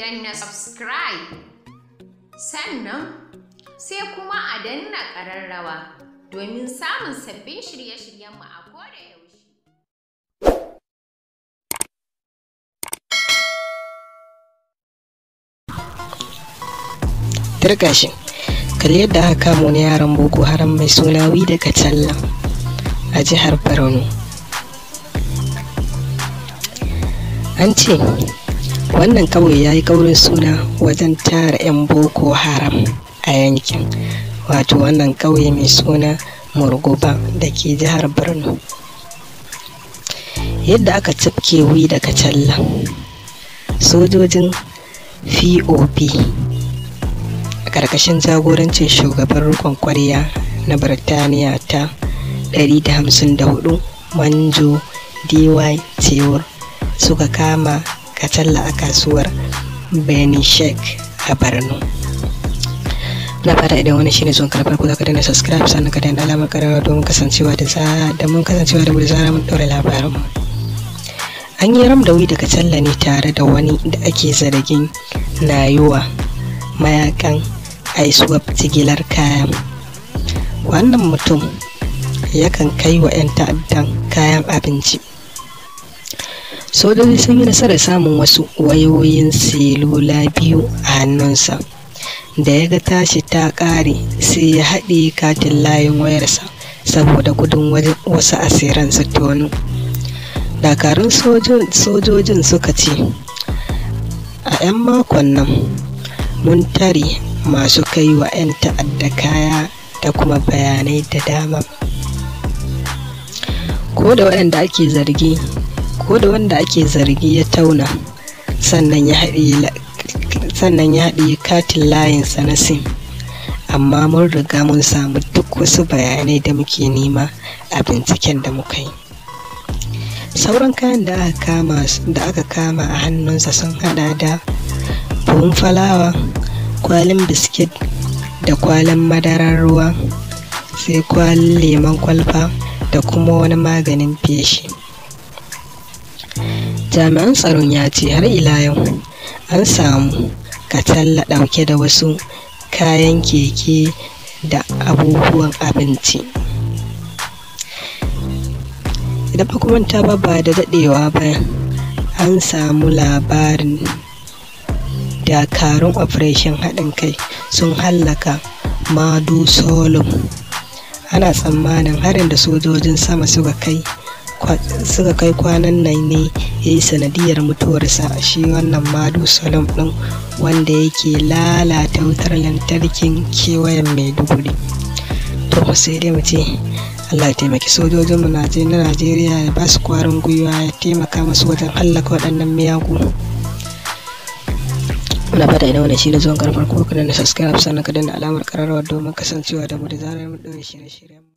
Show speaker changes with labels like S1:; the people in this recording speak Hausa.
S1: danna subscribe sannan sai kuma a danna ƙararrawa domin samun sabbin shirye-shiryenmu a koda yaushe. Turka kalli yadda aka kama wani yaran Boko Haram mai suna Wi daga Talla a jihar Borno. An ce wannan ƙauye ya yi kaurin suna wajen tara 'yan boko haram a yankin wato wannan ƙauye mai suna murguba da ke jihar borno yadda aka cifke wi daga challa sojojin pop a ƙarƙashin jagorancin shugaban rukun kwarya na birtaniya ta 154 manjo dy cewar suka kama talla a kasuwar benin sheik a borno na fata idan wani shine zuwa karfar ku zaka daina subscribe sannan ka daina alamar karawa domin kasancewa da za da mun kasancewa da mu zara mun labarin an yi ramdawi daga talla ne tare da wani da ake zargin yiwa mayakan aisuwar jigilar kayan wannan mutum yakan kai wa 'yan ta'addan kayan abinci sojoji sun yi nasarar samun wasu wayoyin silula biyu a hannunsa da ya ga tashi ta ƙare sai ya haɗe katin layin wayarsa saboda gudun wasu asiran su tonu dakarun sojojin suka ce a 'yan makon nan mun tare masu kai wa 'yan ta'adda kaya da kuma bayanai da dama ko da waɗanda ake zargi ko da wanda ake zargi ya tauna sannan ya ya katin layinsa na sim amma mun riga mun samu duk wasu bayanai da muke nema a binciken da muka yi sauran kayan da aka kama da aka kama a hannunsa sun hada da buhun falawa kwalin biskit da kwalin madarar ruwa sai kwalin lemon kwalfa da kuma wani maganin feshi jami'an tsaron ya ce har ila yau an samu katalla ɗauke da wasu kayan keke da abubuwan abinci idan ba ta ba da daɗewa ba an samu labarin dakarun operation haɗin kai sun hallaka madu solom ana tsammanin harin da sojojin sama suka kai suka kai kwanan nan ne ya yi sanadiyar mutuwarsa shi wannan madu salam din wanda yake lalata wutar lantarkin kewayen maiduguri to sai dai mu ce allah taimaki sojojinmu na najeriya ya ba su kwarin gwiwa ya taimaka masu wajen hallaka waɗannan miyagu muna fata idan wani shi zuwan karfar kuma na subscribe sannan ka danna alamar kararrawa domin kasancewa da mu da zarar mu ɗaure shirye-shiryen